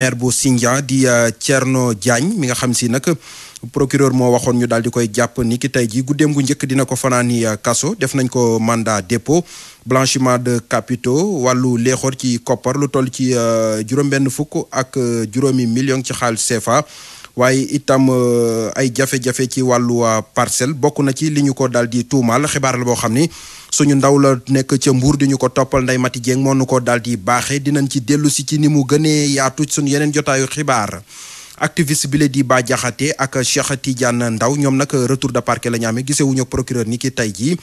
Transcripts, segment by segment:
maire bu Sindia di euh, Thierno Diagne mi nga xam si nag procureur moo waxoon ñu daal di koy jàpp ni ki tey ji guddeem gu njëkk dina ko fanaani euh, kaso def nañ ko mandat dépôt blanchiment de capitaux wàllu léexoor ci koppar lu toll ci euh, juróom-benn fukk ak juróomi million ci xaalis CFA waaye itam euh, ay jafe-jafe ci wàllu parcelle bokk na ci li ñu ko daal di tuumaal xibaar la boo xam ni suñu ndaw la nekk ca mbuur di ñu ko toppal Ndeye Mati Dieng moo nu ko daal di baaxee dinañ ci dellu si ci ni mu gënee yaatu suñu yeneen jotaayu xibaar. activiste bi la di Bah Diakhaté ak Cheikh Tidiane Ndaw ñoom nag retour de parquet la ñu amee gisewuñu procureur ni ki tey jii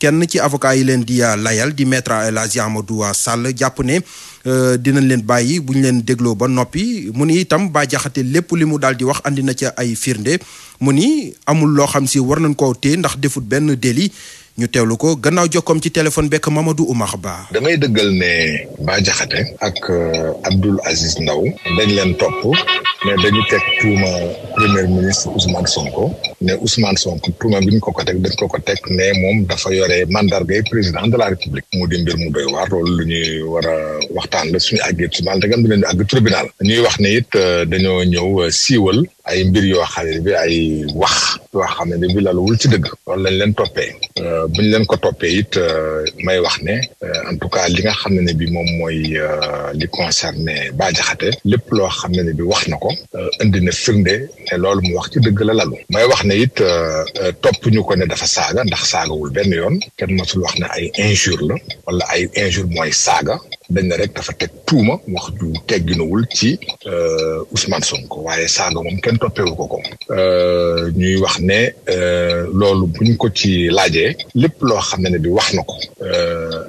kenn ci avocat yi leen di euh, layal di maître El Hadji Amadou euh, Sall jàpp ne euh, dinañ leen bàyyi bu ñu leen dégloo ba noppi mu ni itam Bah lépp li mu daal di wax andina na ca ay firnde mu ni amul loo xam si war nañ ko te ndax defut benn délit ñu teewlu ko gannaaw jokkoom ci téléphone bekk Mamadou Oumar Ba. damay dëggal ne Bah Diakhaté ak Abdoul Aziz Ndaw mais dañu teg tuuma premier ministre Ousmane Sonko ne Ousmane Sonko tuuma bi ñu ko ko teg dañ ko ko teg ne moom dafa yore mandargay président de la république mu di mbir mu doy waar loolu lu ñuy war waxtaan la suñu àggee tribunal da ngam dinañu àgg tribunal ñuy wax ne it euh, dañoo ñëw euh, siiwal ay mbir yoo xam bi ay wax yoo xam ne bi laluwul ci dëgg loolu lañ leen toppee euh, buñ leen ko toppee it may wax ne en tout cas li nga xam ne bi moom mooy li concerné Bah Diakhaté lépp loo xam ne bi wax na ko moom euh, indi na firnde ne loolu mu wax ci dëgg la lalu may wax ne it euh, euh, topp ñu ko ne dafa saaga ndax saagawul benn yoon kenn masul wax ne ay injure la wala ay injure mooy saaga dañ ne rek dafa teg tuuma wax ju tegginawul ci Ousmane sonk waaye saaga moom kenn toppewu ko ko ñuy wax ne loolu buñ ko ci laajee lépp loo xam ne ne bi wax na ko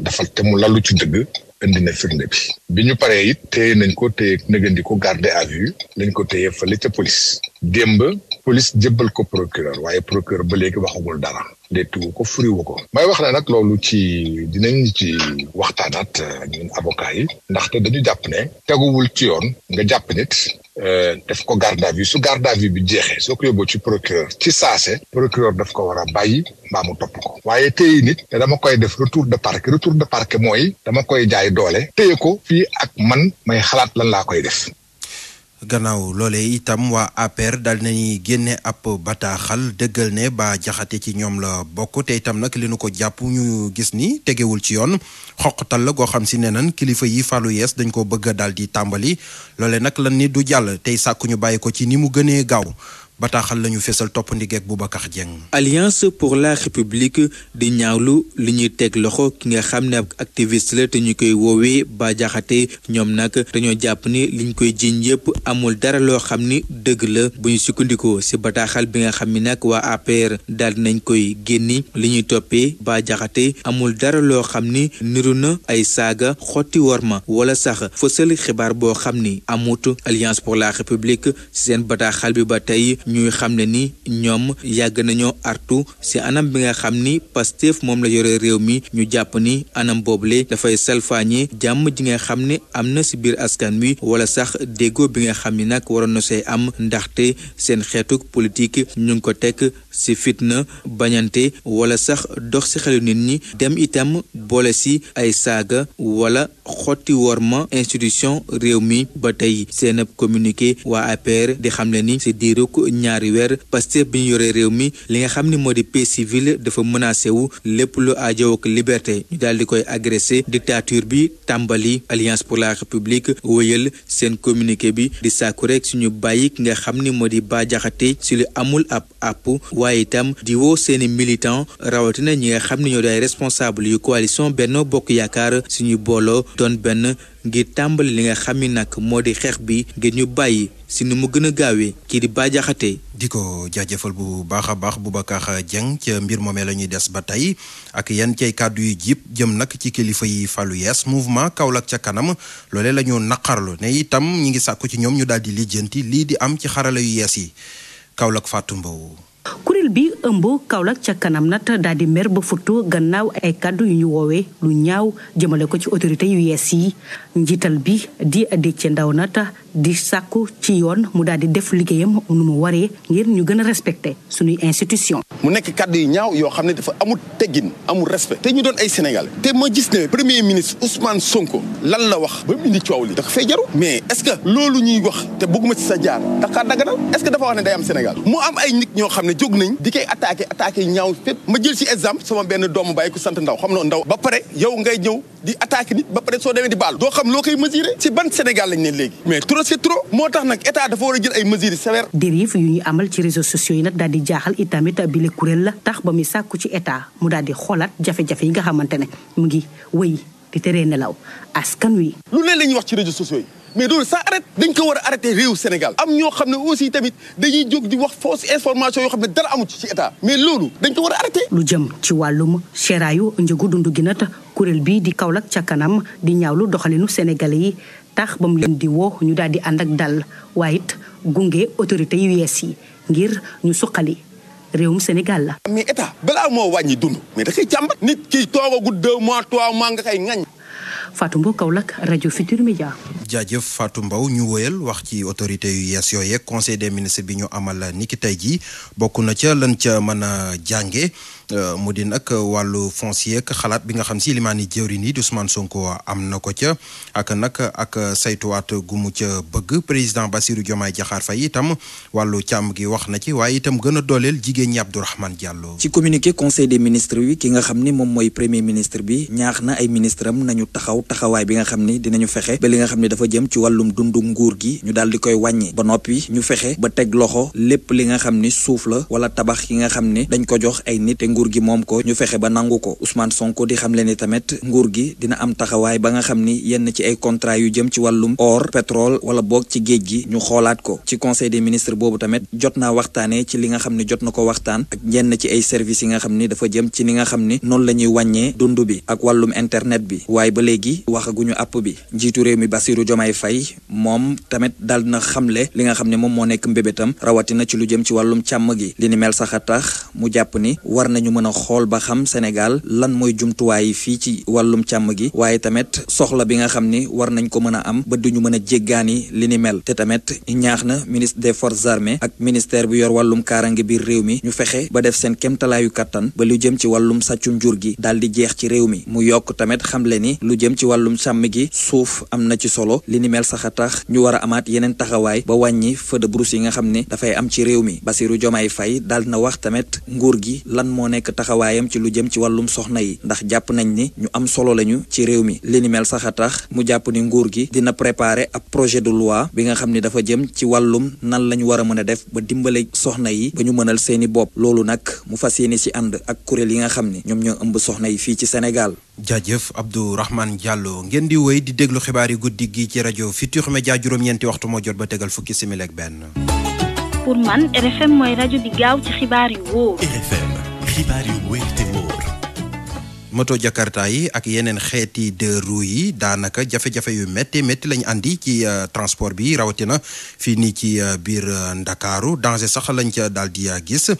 dafa temu lalu ci dëgg indi na firnde bi bi ñu paree it téye nañ ko téye nëgandi ko garde à vue nañ ko téye fële ca police démb police jëbal ko procureur waaye procureur ba léegi waxagul dara deetuwu ko furiwu ko may wax ne nag loolu ci dinañ ci waxtaanaat euh, ñun avocat yi ndaxte dañu jàpp ne teguwul ci yoon nga jàpp nit Euh, def ko garde à su garde à bi jeexee soo ko yóbboo ci procureur ci saase procureur daf ko war a bàyyi mbaa mu topp ko waaye téye nit te dama koy def retour de parquet retour de parquet mooy dama koy jaay doole téye ko fii ak man may xalaat lan laa koy def gannaaw loole itam waa APR daal nañuy génne ab bataaxal dëggal ne ba jaxate ci ñoom la bokk te itam nag li nu ko jàpp ñu gis ni tegewul ci yoon xoqtal la goo xam si ne nan kilifa yi falu yees dañ ko bëgg daal di tàmbali loole nag lan ni du jàll tey sàkkuñu bàyyi ko ci ni mu gënee gaaw bataaxal lañu fésal topp ndigeek Boubacar Dieng. alliance pour la république di ñaawlu li ñuy teg loxo ki nga xam ne ak activiste la te ñu koy woowee ba ñoom nag dañoo jàpp ni liñ koy jiiñ yëpp amul dara loo xam ni dëgg la bu ñu sukkandikoo ci bataaxal bi nga xam ni nag waa APR daal nañ koy génni li ñuy toppee ba amul dara loo xam ni niru na ay saaga xotti worma wala sax fësal xibaar boo xam ni amut alliance pour la république seen bataaxal bi ñuy xam ne ni ñoom yàgg nañoo artu ci anam bi nga xam ni Pastef moom la yore réew mi ñu jàpp ni anam boobule dafay salfaañe jàmm ji nga xam ne am na ci biir askan wi wala sax déggoo bi nga xam ni nag waroon na see am ndaxte seen xeetuk politique ñu ngi ko teg ci fitna bañante wala sax dox ci xelu nit ñi dem itam boole ci ay saaga wala xotti worma institution réew mi ba tey seen communiqué waa APR di xam ni ci diiruk ñaari weer Pastef bi ñu yoree réew mi li nga xam ni moo di paix civile dafa menacé wu lépp lu aajow ak liberté ñu daal di koy agressé dictature bi tàmbali alliance pour la république wëyal seen communiqué bi di sàkku rek suñu bàyyi ki nga xam ni moo di Bah si lu amul ab àpp waaye itam di woo seeni militant rawatina ñi nga xam ni ñoo day responsable yu coalition Benno Bokk Yaakaar suñu booloo doon benn ngir tàmbali li nga xam ni nag moo di xeex bi ngir ñu bàyyi si nu mu gën a gaawee kii di Bah Diakhaté di ko jaajëfal bu baax a baax Boubacar Dieng ca mbir moomee la ñuy des ba tey ak yan ceey kàddu yu jiib jëm nag ci kilifa yi falu yees mouvement Kaolack ca kanam loole la ñu naqarlu ne itam ñu ngi sàkku ci ñoom ñu daal di lijjanti lii di am ci xarala yu yees yi Kaolack Fatou Mbow kuréel bi ëmb Kaolack ca kanam nat daal di mer ba futtu gannaaw ay kàddu yu ñu woowee lu ñaaw jëmale ko ci autorité yu yees yi njiital bi di Déthié ndaw natta di sàkku ci yoon mu daal di def liggéeyam nu mu waree ngir ñu gën a respecté suñuy institution mu nekk kàddu yu ñaaw yoo xam ne dafa amul teggin amul respect te ñu doon ay Sénégal te ma gis ne premier ministre Ousmane Sonko lan la wax ba mu indi coow li dafa fay jaru mais est-ce que loolu ñuy wax te bëgguma ci sa jaar dakaa daganal est-ce que dafa wax ne day am Sénégal mu am ay nit ñoo xam ne jóg nañ di koy attaqué attaqué ñaaw fépp ma jël ci exemple sama benn doomu bàyyi ku sant ndaw xam na ndaw ba pare yow ngay ñëw di attaqué nit ba pare soo demee di baal doo xam loo koy mesuré ci ban Sénégal lañ ne léegi loolu c'est trop moo tax nag état dafa war a jël ay mesures sévères. dérive yu ñu amal ci réseaux sociaux yi nag daal di jaaxal itamit bile kuréel la tax ba muy sàkku ci état mu daal di xoolaat jafe-jafe yi nga xamante ne mu ngi wéy di teree nelaw askan wi. lu ne la ñuy wax ci réseaux sociaux yi. mais loolu sa arrête dañ ko war a arrêté réew Sénégal am ñoo xam ne aussi tamit dañuy jóg di wax fausse information yoo xam ne dara amu ci ci mais loolu dañ ko war a arrêté lu jëm ci wàllum seeraayu njëgu dund gi nag kuréel bii di Kaolack ca kanam di ñaawlu doxalinu Sénégalais yi tax ba mu leen di woo ñu daal di ànd ak dal waaye it gunge autorité yu yees yi ngir ñu suqali réewum Sénégal la. mais état balaa moo wàññi dund mais da koy jàmbat. nit ki toogagul deux mois trois mois nga koy ŋañ. Fatou Mbow Kaolack rajo Futur Media. jaajëf faatu Mbow ñu woyal wax ci autorité yu yees yooyee conseil des ministres bi ñu amal niki tey jii bokk na ca lan ca mën a jànge Euh, mu di nag wàllu foncier ak xalaat bi nga xam si limaani jëwriñ yi di Ousmane Sonko am na ko ca ak nag ak saytuwaat gu mu ca bëgg président Bassirou Diomaye jaxaar Faye itam wàllu càmm gi wax na ci waaye itam gën a dooleel jigéen ñi Abdourahmane Diallo. ci communiqué conseil des ministre bi ki nga xam ni moom mooy premier ministre bi ñaax na ay ministre am nañu taxaw taxawaay bi nga xam ni dinañu fexe ba li nga xam ni dafa jëm ci wàllum dundu nguur gi ñu daal di koy wàññi ba noppi ñu fexe ba teg loxo lépp li nga xam ni suuf la wala tabax yi nga xam ni dañ ko jox ay nit nguur gi moom ko ñu fexe ba nangu ko Ousmane Sonko di xamle ni tamit nguur gi dina am taxawaay ba nga xam ni yenn ci ay contrat yu jëm ci wàllum or pétrole wala boog ci géej gi ñu xoolaat ko ci conseil des ministres boobu tamit jot naa waxtaanee ci li nga xam ni jot na ko waxtaan ak yenn ci ay service yi nga xam ni dafa jëm ci ni nga xam ni noonu la ñuy wàññee dund bi ak wàllum internet bi waaye ba léegi waxaguñu app bi njiitu réew mi Bassirou Diomaye Faye moom tamit daal na xamle li nga xam ne moom moo nekk mbébétam rawatina ci lu jëm ci wàllum càmm gi danañu mën a xool ba xam Sénégal lan mooy jumtuwaay yi fii ci wàllum càmm gi waaye tamit soxla bi nga xam ni war nañ ko mën a am ba ñu mën a jéggaani li ni mel te tamit ñaax na ministre des fort armées ak ministère bu yor wàllum kaarange biir réew mi ñu fexe ba def seen kéemtalaayu kàttan ba lu jëm ci wàllum sàccum jur gi daal di jeex ci réew mi mu yokk tamit xamle ni lu jëm ci wàllum càmm gi suuf am na ci solo li ni mel sax a tax ñu war a amaat yeneen taxawaay ba wàññi feu de yi nga xam ne dafay am ci réew mi Bassirou Diomaye Faye daal nekk taxawaayam ci lu jëm ci wàllum soxna yi ndax jàpp nañ ni ñu am solo lañu ci réew mi li mel sax a tax mu jàpp ni nguur gi dina préparer ab projet de loi bi nga xam ni dafa jëm ci wàllum nan la ñu war a mën a def ba dimbale soxna yi ba ñu mënal seeni bopp loolu nag mu fas yéene ci ànd ak kuréel yi nga xam ni ñoom ñoo ëmb soxna yi fii ci Sénégal. jaajëf Abdourahmane jàlloo ngeen di wéy di déglu xibaar yi guddi gi ci rajo Futurs Médias juróom-ñeenti waxtu moo jot ba tegal fukki simili ak moto jakarta yi ak yeneen xeeti deux roues yi daanaka jafe-jafe yu métti métti lañu andi ci euh, transport bi rawatina fii nii ci euh, biir euh, ndakaaru danger sax lañ ca daal di gis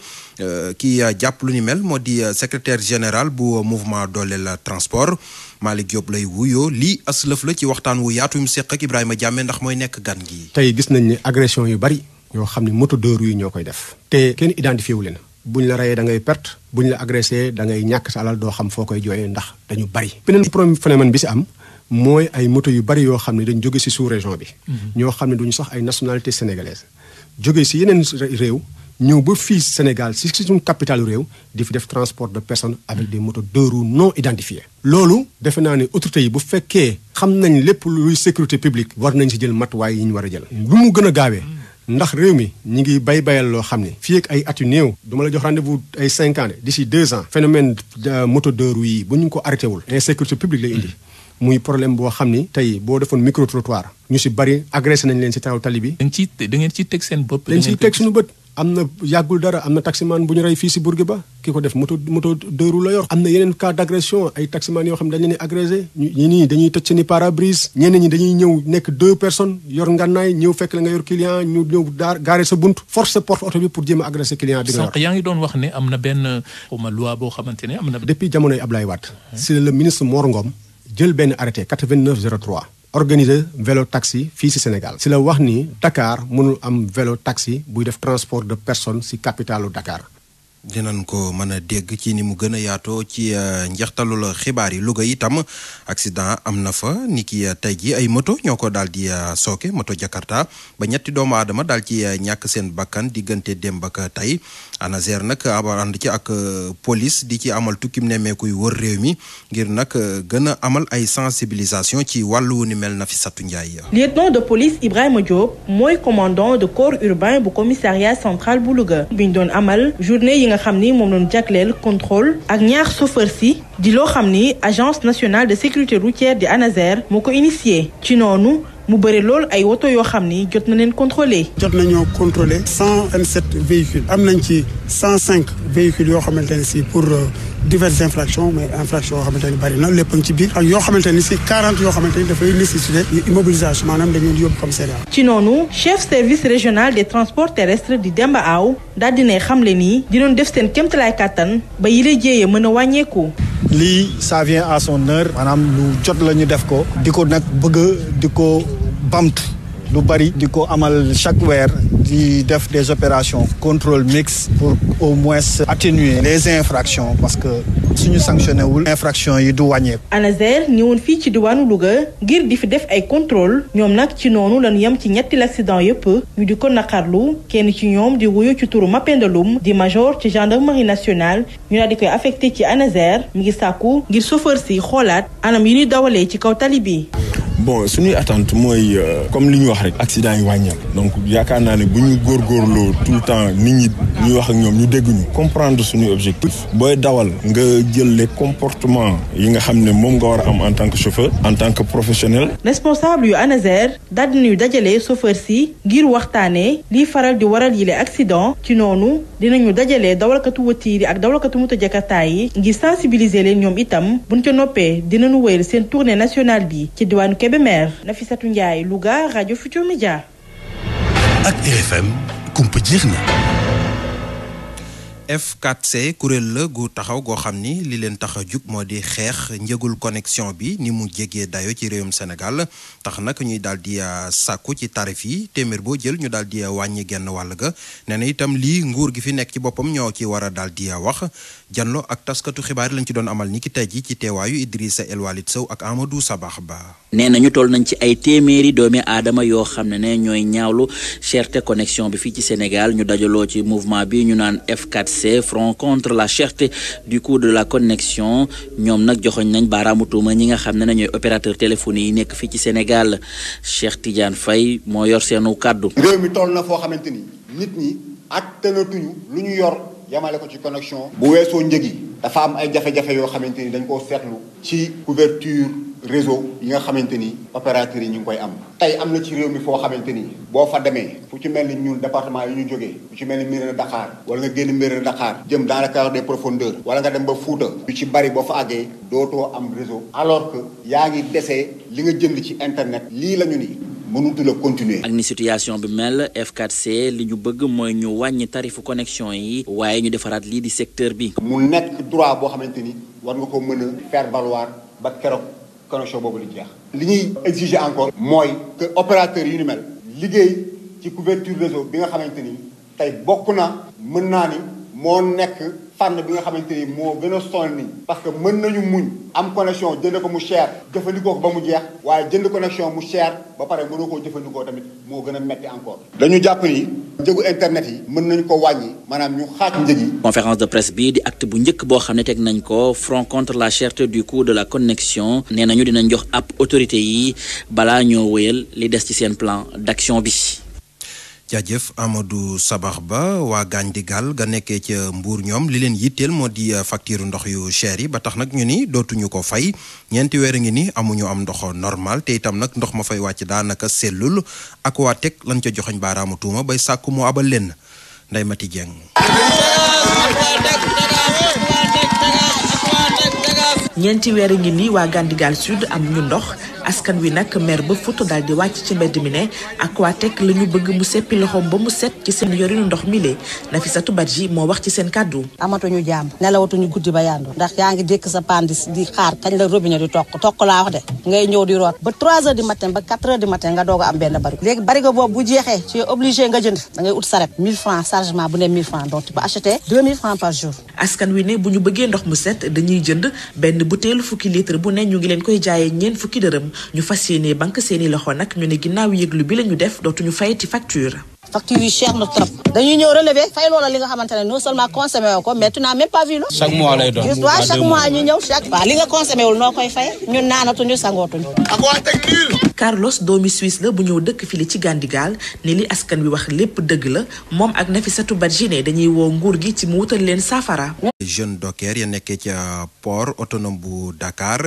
ki jàpp lu ni mel moo di secretaire général bu mouvement dooleel transport Malick Diop lay wuyoo lii aslëf la ci waxtaan wu yaatu mu seq ak Ibrahima Diame ndax mooy nekk gan gi. tey gis nañ ne agression yu bari. yoo xam ne moto deux roues yi ñoo koy def. te kenn identifié wu leen. buñ la rayee da ngay perte. bu ñu la agressé da ngay ñàkk sa alal doo xam foo koy jooyee ndax dañu bari. beneen problème phénomène bi si am mooy ay moto yu bari yoo xam ne dañ jóge si sous région bi. Mhm. ñoo xam ne duñu sax ay nationalité sénégalaise. jóge si yeneen réew ñëw ba fii Sénégal si suñu capitale réew di fi def transport de personne avec des motos deux roues non identifiées. loolu defe naa ne autorités yi bu fekkee xam nañ lépp luy sécurité publique war nañ si jël matuwaay yi ñu war a jël. lu mu gën a gaawee. Mhm. ndax réew mi ñu ngi bay bayal loo xam ne fii ak ay at yu néew du la jox rendez bu ay cinq ans d'ici deux ans phénomène moto de euh, yi bu ñu ko arrêté wul insécurité publique lay indi mm-hmm. muy problème boo xam ni tey boo defoon micro trottoir ñu si bari agressé nañ leen si taw tali bi dañ ciy da ngeen ciy teg seen bopp dañ ciy teg suñu bët am na yàggul dara am na taximaan bu ñu rey fii si Bourguiba ki ko def moto moto deux roues la yor am na yeneen cas d' agression ay taximaan yoo xam ne dañ leen agressé ñi dañuy tëj seeni parabrise ñi dañuy ñëw nekk deux personnes yor ngànnaay ñëw fekk la nga yor client ñu ñëw daar gaare sa bunt force sa porte oto bi pour jéem a agressé client bi nga yor yaa ngi doon wax ne am na benn boo xamante ne am na depuis jamonoy Ablaye Wade si le ministre Mor Ngom jël benn arrêté 89 03 organiser velo taxi fii si Sénégal ci la wax ni Dakar mënul am velo taxi buy def transport de personnes si capitalu Dakar dinañ ko mën a dégg ci ni mu gën a yaatoo ci euh, njeextalul xibaar yi Louga itam accident am na fa ni ki euh, tey ji ay moto ñoo ko daal di euh, sooke moto Jakarta ba ñetti doomu aadama daal ci ñàkk seen bakkan diggante démb ak tey ANASER nag ànd ci ak police di ci amal tukkim nemmeekuy wër réew mi ngir nag gën a amal ay sensibilisation ci wàll ni mel na fi Satou Ndiaye. lieutenant de police Ibrahima Diop mooy commandant de corps urbain bu commissariat nga xam ni moom doon jagleel contrôle ak ñaar chauffeur si di loo xam ni agence nationale de sécurité routière di ANASER moo ko initié ci noonu mu bëri lool ay woto yoo xam ni jot na leen contrôlé. jot nañoo contrôlé cent vingt sept véhicules am nañ ci cent cinq véhicules yoo xamante ne si pour. Euh, diverses infractions mais infractions yoo xamante ni bari na lépp ci biir ak yoo xamante ni si 40 yoo xamante ni dafay nécessité immobilisation maanaam dañu leen di yóbbu comme CDA. ci noonu chef service régional des transports terrestres di Demba Aw daal dinay xamle nii di def seen kéemtalaay kàttan ba yile jéeye mën a wàññeeku. lii ça vient à son heure. maanaam lu jot la ñu def ko. di ko nag bëgg di ko bamtu. lu bari di ko amal chaque weer di def des opérations contrôle mixte pour au moins atténuer les infractions parce que suñu sanctionné wul infractions yi du wàññeeku. ANASER ñëwoon fii ci diwaanu Louga ngir di fi def ay contrôle ñoom nag ci noonu lañu yem ci ñetti l'accident yëpp ñu di ko naqarlu kenn ci ñoom di wuyu ci turu Mapenda Loum di major ci gendarmerie nationale ñu daal di koy affecté ci ANASER mi ngi sàkku ngir chauffeur si xoolaat anam yi ñuy dawalee ci kaw tali bi. bon suñuy attente mooy euh, comme li ñu wax rek accident yi wàññal donc yaakaar naa ne bu ñu góorgóorloo tout le temps nit ñi ñuy wax ak ñoom ñu dégg ñu comprendre suñuy objectif booy dawal nga jël comportement comportements yi nga xam ne moom nga war a am en tant que chauffeur en tant que professionnel. responsable yu ANASER daal di dajale chauffeur si ngir waxtaanee liy faral di waral yile accident ci noonu dinañu dajale dawalkatu watiir yi ak dawalkatu moto jakarta yi ngir sensibiliser leen ñoom itam buñ ca noppee dinañu wéyal seen tournée nationale bi Kébé maire Nafissatou Ndiaye Louga rajo Futurs Médias. ak RFM kumpa jeex na. f kuréel la gu taxaw goo xam ni li leen tax a jug moo di xeex njëgul connexion bi ni mu jégee dayo ci réewum Sénégal tax naka ñuy daal di euh, sàkku ci tarif yi téeméer boo jël ñu daal di euh, wàññi genn wàll ga nee na itam lii nguur gi fi nekk ci boppam ñoo ci war a daal di euh, wax janlo ak taskatu xibaar lañ ci doon amal ni ki tey ji ci teewaayu Idrissa El Walid Sow ak amadu Sabax Ba. nee na ñu toll nañ ci ay téeméeri doomi aadama yoo xam ne ne ñooy ñaawlu cherté connexion bi fii ci Sénégal dajaloo ci mouvement bi ñu naan f CSC front contre la cherté du coût de la connexion ñoom nag joxoñ nañ baaraamu tuuma ñi nga xam ne nañooy opérateur téléphone yi nekk fii ci Sénégal Cheikh Tidiane fay moo yor seenu kàddu. réew mi toll na foo xamante ni nit ñi ak tënatuñu lu ñu yor yamale ko ci connexion. bu weesoo njëg yi dafa am ay jafe-jafe yoo xamante ni dañ koo seetlu. ci couverture. réseau yi nga xamante ni opérateurs yi ñu ngi koy am tey am na ci réew mi foo xamante ni boo fa demee fu ci mel ni ñun département yi ñu jógee fu ci mel ni Mérina Dakhar wala nga génn Mérina Dakhar jëm dans le cadre des nga dem ba Fuuta yu ci bari boo fa àggee dootoo am réseau alors que yaa ngi desee li nga jëm ci internet lii la ñu ni mënutu la continuer. ak ni situation bi mel F4C li ñu bëgg mooy ñu wàññi tarifu connexion yi waaye ñu defaraat lii di secteur bi. mu nekk droit boo xamante ni war nga ko mën a faire valoir ba corruption boobu li jeex. li ñuy exiger encore. mooy que opérateurs yu ni mel. liggéey ci couverture réseau bi nga xamante ni tey bokk na. mën naa ni moo nekk. fànn bi nga xamante ni moo gën a sonn parce que mën nañu muñ am connexion jënd ko mu cher jëfandikoo ko ba mu jeex waaye jënd connexion mu cher ba pare mënoo koo jëfandikoo tamit moo gën a metti encore dañu jàpp ni njëgu internet yi mën nañu ko wàññi maanaam ñu xaaj njëg yi conférence de presse bii di act bu njëkk boo xam ne teg nañ ko front contre la cherté du coût de la connexion nee nañu dinañ jox ab autorité yi balaa ñoo wéyal li des ci seen plan d'action bi jaajëf Amadou Sabax Ba waa Gandigal ga nekkee ca mbuur ñoom li leen yitteel moo di euh, facture ndox yu cher yi ba tax nag ñu ni dootuñu ko fay ñeenti weer a ngi ni amuñu am ndox normal te itam nag ndox ma fay wàcc daanaka sellul ak waa teg lañ ca joxoñ baaraamu tuuma bay sàkku mu aba leen nday Mati Dieng. ñeenti weer ngi nii waa Gandigal Sud am ñu ndox. askan wi nag mer ba futu daal di wàcc ci mbedd mi ne Aquatech la ñu bëgg mu seppi loxoom ba mu set ci seen yorinu ndox mi le Nafisatou Badji moo wax ci seen kàddu amatuñu jàmm nelawatuñu guddi ba yandu ndax yaa ngi dékk sa pandis di xaar kañ la robinet di toq toq laa wax de ngay ñëw di root ba 3 heures du matin ba 4 heures du matin nga doog a am benn barigo léegi barigo boobu jeexee ci obligé nga jënd da ut saret 1000 francs chargement bu ne 1000 francs donc tu peux acheter 2000 francs par jour askan wi ne bu ñu bëggee ndox mu set dañuy jënd benn butéelu fukki litre bu ne ñu ngi leen koy jaayee fukki dërëm ñu fas yéenee banque seeni loxo nag ñu ne ginnaaw yëglu bi la ñu def dootuñu fayati facture facture yi cher na trop dañuy ñëw relever fay loola li nga xamante ne non seulement consommé woo ko mais tu n'as même pas vu la chaque mois ñu ñëw chaque waaw li nga consommé wul noo koy fay ñun naanatuñu sangootuñu ak waa Carlos doomi Suisse la bu ñëw dëkk fii ci Gandigal ne li askan wi wax lépp dëgg la moom ak Nafissatou Badjine dañuy woo nguur gi ci mu wutal leen saafara jeune docker ya nekkee ca port autonome bu Dakar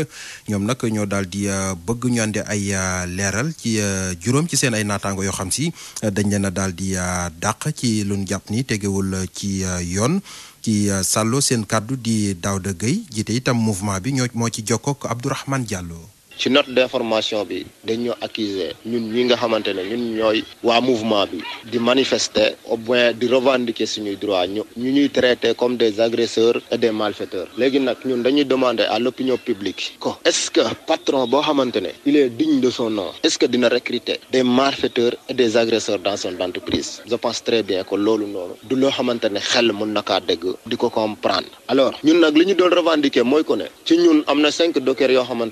ñoom nag ñoo daal di euh, bëgg ñu andi ay euh, leeral ci euh, juróom ci seen ay naataango yoo xam si dañ daal di euh, dàq ci lu jàpp ni tegewul euh, ci euh, yoon ci sàllo seen kàddu di Daouda gëy jiite itam mouvement bi ñoo moo ci jokkoo ak Abdourahmane jàlloo ci note d'information bi dañ ñoo accuser ñun ñi nga xamante ne ñun ñooy waa mouvement bi di manifester au moins di revendiquer suñuy droit ñu ñu ñuy traiter comme des agresseurs et des malfaiteurs léegi nag ñun dañuy demander à l'opinion publique ko est-ce que patron boo xamante ne il est digne son nom est-ce que dina recruter des malfaiteurs et des agresseurs dans son entreprise je pense très bien que loolu noonu du loo xamante ne xel mën na kaa dégg di ko comprendre alors ñun nag li ñu doon revendiquer mooy ko ne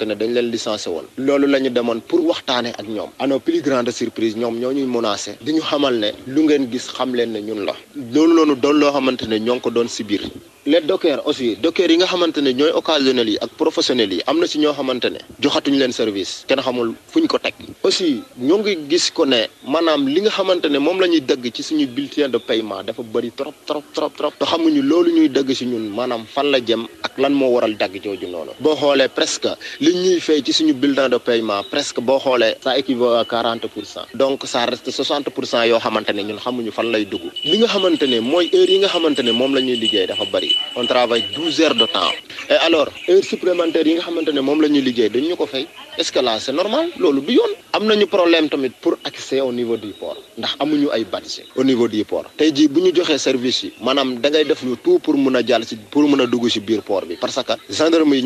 ne dañ leen licence menacé woon loolu la ñu demoon pour waxtaane ak ñoom à nos plus grandes surprises ñoom ñoo ñuy menacé di ñu xamal ne lu ngeen gis xam leen ne ñun la loolu noonu doon loo xamante ne ñoo ngi ko doon si biir les dockers aussi dockers yi nga xamante ne ñooy occasionnels yi ak professionnels yi am na si ñoo xamante ne joxatuñu leen service kenn xamul fu ñu ko teg aussi ñoo ngi gis ko ne maanaam li nga xamante ne moom la ñuy dëgg ci suñu bulletin de paiement dafa bëri trop trop trop trop te loolu ñuy dëgg si ñun maanaam fan la jëm ak lan moo waral dagg jooju noonu boo suñu bulletin de paiement presque boo xoolee ça équivaut à quarante pour cent donc ça reste soixante pour cent yoo xamante ne ñun xamuñu fan lay dugg li nga mooy heure yi nga xamante moom la ñuy liggéey dafa bëri on travaille douze heures de temps et alors heure supplémentaire yi nga xamante moom la liggéey dañ ñu ko fay est-ce que là c'est normal loolu du yoon am nañu problème tamit pour accès au niveau du port ndax amuñu ay badge au niveau du port tey jii bu ñu joxee service maanaam da def lu tout pour mun a jàll si pour a dugg si biir port bi parce que gendarme yi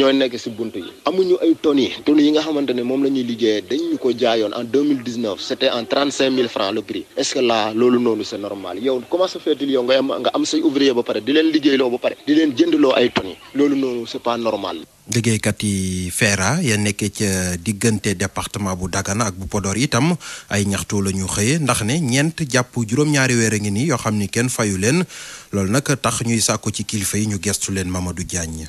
yi nga xamante ne moom la ñuy liggéeyee dañ ñu ko jaayoon en deux mille dix neuf c' était en trente cinq mille francs le prix est ce que là loolu noonu c' normal yow comment ça yow nga am nga am ba pare di leen liggéeyloo ba pare di leen jëndloo ay tonnes loolu noonu c' est pas normal. liggéeykat yi feera ya nekkee ca diggante département bu Dagana ak bu Podor itam ay ñaxtu la ñu xëyee ndax ne ñeent jàpp juróom-ñaari weer a ngi nii yoo xam ni kenn fayu leen loolu nag tax ñuy sàkku ci kilifa yi ñu gestu leen Mamadou Diagne.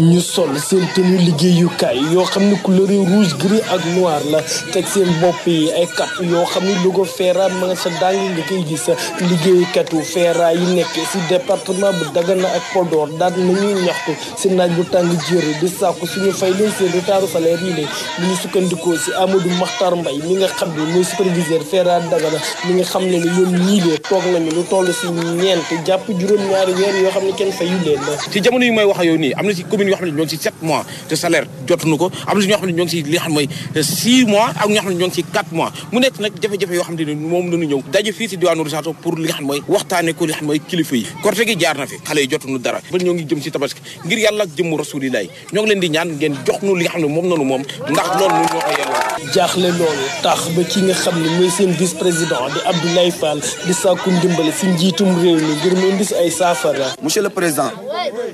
ñu sol seen tenue liggéeyukaay yoo xam ne couleur rouge gris ak noir la teg seen bopp yi ay kat yoo xam ne logo Feera ma nga sa daangi nga koy gis liggéeykatu Feera yi nekk si département bu Dagana ak Podor daal nañuy ñaxtu si naaj bu tàng jër di sàkku suñu fay leen seen retard salaire yi ne li ñu sukkandikoo si Amadou Makhtar Mbaye mi nga xam ne mooy superviseur Feera Dagana mi nga xam ne ne ñoom ñii lee toog nañu lu toll si ñeent jàpp juróom-ñaari weer yoo xam ne kenn fayu leen la ci jamono yi may wax yow nii am na communes yoo xam ne ñoo ngi si 7 mois te salaire jotuñu ko am na ñoo xam ne ñoo mooy 6 mois ak ñoo xam ne ñoo ngi mois mu nekk nag jafe-jafe yoo leen di ñaan ngeen jox nu li nga xam ne moom nanu moom ndax loolu nun ñoo ko jaaxle loolu tax ba ki nga xam ne mooy seen vice président di Abdoulaye Fall di sàkku ndimbal si njiitum réew mi ngir mu indi ay saafara monsieur le président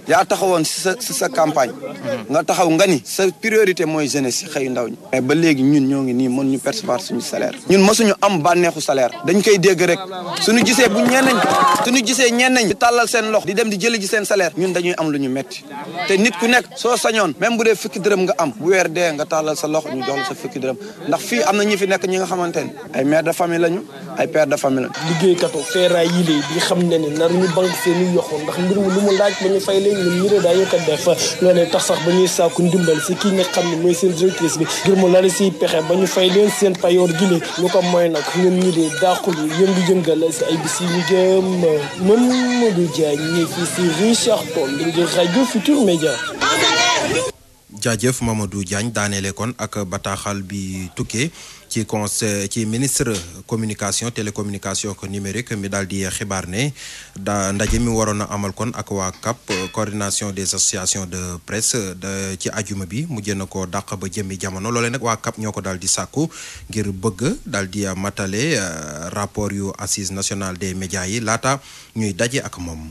yaa taxawoon si sa sa campagne. nga taxaw nga ni sa priorité mooy jeunesse si xëy ndaw ñi. mais ba léegi ñun ñoo ñu percevoir suñu salaire. ñun mësuñu am bànneexu salaire. dañ koy dégg rek suñu gisee bu ñenn ñi di tàllal seen lox di dem di jëli ji seen salaire. ñun lu ñu métti te nit ku nekk soo sañoon même bu dee fukki dërëm nga am bu weer dee nga tàllal sa lox ñu jox la sa fukki dërëm ndax fii am na ñi fi nekk ñi nga lañu xam ne ne nar ñu banque seen i yoxo ndax mbir mu lu mu laaj ba ñu fay leen ñun loolee tax sax ba ñuy sàkku ndimbal si kii nga xam ne mooy seen directrice bi ngir mu lal si pexe ba ñu fay leen seen payoor gi ne lu ko mooy nag ñun ñi dee daaxul yi yëngu-yëngal si ay bis yi ñu jëm mën Modou Diagne ñi fii si Richard Toll di rajo Futur Média jaajëf Mamadou Diagne daaneele kon ak bataaxal bi tukkee ci conseil ci ministre communication télécommunication ak numérique mi daal di xibaar ne da ndaje mi waroon a amal kon ak waa kap coordination des associations de presse de ci ajuma bi mujj na ko dàq ba jëmmi jamono loole nag waa CAP ñoo ko daal di sàkku ngir bëgg daal di matale euh, rapport yu assise nationale des médias yi laata ñuy daje ak moom.